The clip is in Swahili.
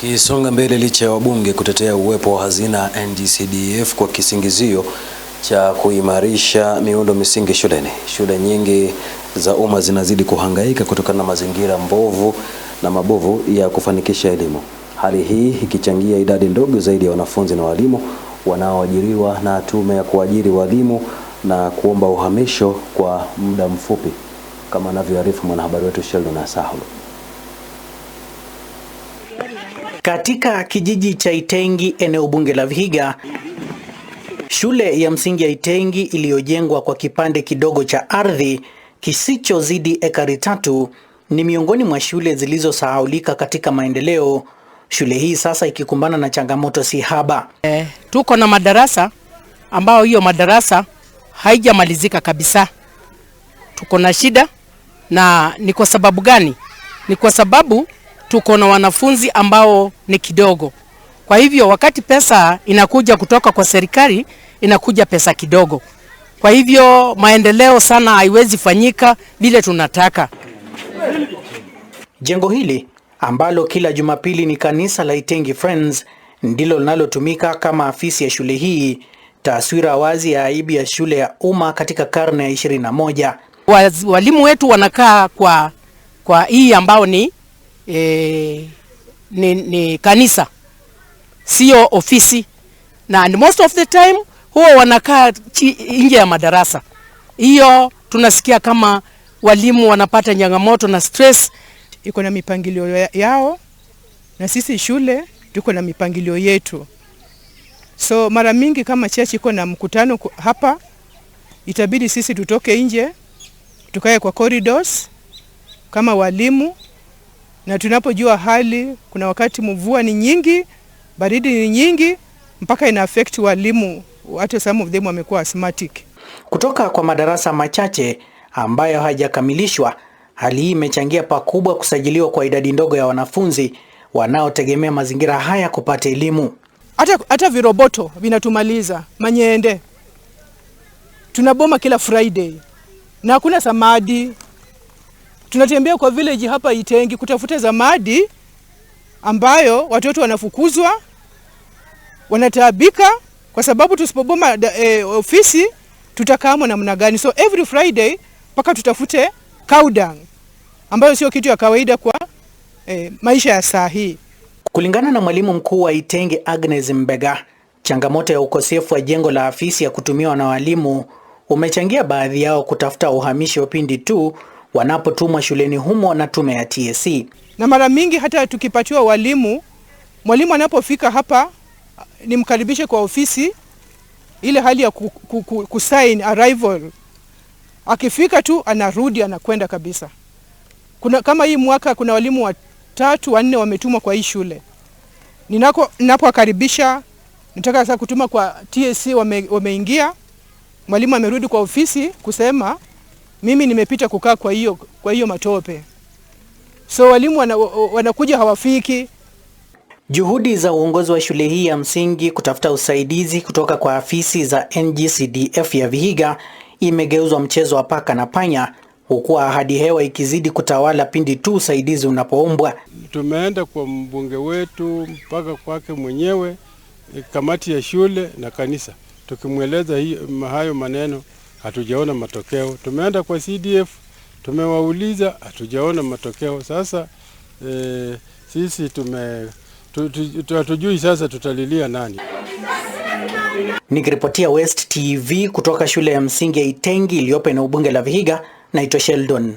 Kisonga mbele licha ya wabunge kutetea uwepo wa hazina NGCDF e kwa kisingizio cha kuimarisha miundo misingi shuleni. Shule nyingi za umma zinazidi kuhangaika kutokana na mazingira mbovu na mabovu ya kufanikisha elimu. Hali hii ikichangia idadi ndogo zaidi ya wanafunzi na walimu wanaoajiriwa na Tume ya Kuajiri Walimu na kuomba uhamisho kwa muda mfupi, kama anavyoarifu mwanahabari wetu Sheldon Asahlo. Katika kijiji cha Itengi eneo bunge la Vihiga, shule ya msingi ya Itengi iliyojengwa kwa kipande kidogo cha ardhi kisichozidi ekari tatu ni miongoni mwa shule zilizosahaulika katika maendeleo, shule hii sasa ikikumbana na changamoto si haba. Eh, tuko na madarasa ambayo hiyo madarasa haijamalizika kabisa, tuko na shida. Na ni kwa sababu gani? Ni kwa sababu tuko na wanafunzi ambao ni kidogo. Kwa hivyo wakati pesa inakuja kutoka kwa serikali inakuja pesa kidogo, kwa hivyo maendeleo sana haiwezi fanyika vile tunataka. Jengo hili ambalo kila Jumapili ni kanisa la Itengi Friends ndilo linalotumika kama afisi ya shule hii, taswira wazi ya aibu ya shule ya umma katika karne ya 21. Walimu wetu wanakaa kwa, kwa hii ambao ni e, ni, ni kanisa, sio ofisi, na and most of the time huwa wanakaa nje ya madarasa. Hiyo tunasikia kama walimu wanapata nyangamoto na stress. Iko na mipangilio yao, na sisi shule tuko na mipangilio yetu. So mara mingi kama chechi iko na mkutano hapa, itabidi sisi tutoke nje tukae kwa corridors kama walimu na tunapojua hali, kuna wakati mvua ni nyingi, baridi ni nyingi, mpaka ina affect walimu, hata some of them wamekuwa asthmatic. Kutoka kwa madarasa machache ambayo hayajakamilishwa, hali hii imechangia pakubwa kusajiliwa kwa idadi ndogo ya wanafunzi wanaotegemea mazingira haya kupata elimu. Hata, hata viroboto vinatumaliza manyende, tunaboma kila Friday na hakuna samadi Tunatembea kwa village hapa Itengi kutafuta zamadi ambayo watoto wanafukuzwa, wanataabika kwa sababu tusipoboma e, ofisi tutakaamwa namna gani? So every Friday mpaka tutafute cow dung ambayo sio kitu ya kawaida kwa e, maisha ya saa hii. Kulingana na mwalimu mkuu wa Itengi Agnes Mbega, changamoto ya ukosefu wa jengo la afisi ya kutumiwa na walimu umechangia baadhi yao kutafuta uhamisho pindi tu wanapotumwa shuleni humo na tume ya TSC. Na mara mingi hata tukipatiwa walimu, mwalimu anapofika hapa nimkaribishe kwa ofisi, ile hali ya kusign arrival, akifika tu anarudi anakwenda kabisa. Kuna, kama hii mwaka kuna walimu watatu wanne wametumwa kwa hii shule ninako ninapowakaribisha nataka sasa kutuma kwa TSC wame, wameingia mwalimu amerudi kwa ofisi kusema mimi nimepita kukaa kwa hiyo kwa hiyo matope, so walimu wana, wanakuja hawafiki. Juhudi za uongozi wa shule hii ya msingi kutafuta usaidizi kutoka kwa afisi za NGCDF ya Vihiga imegeuzwa mchezo wa paka na panya, huku ahadi hewa ikizidi kutawala pindi tu usaidizi unapoombwa. Tumeenda kwa mbunge wetu mpaka kwake mwenyewe, kamati ya shule na kanisa, tukimweleza hayo maneno hatujaona matokeo. Tumeenda kwa CDF tumewauliza, hatujaona matokeo. Sasa e, sisi tume hatujui sasa tutalilia nani. Nikiripotia West TV kutoka shule ya msingi ya Itengi iliyopo eneo bunge la Vihiga, naitwa Sheldon.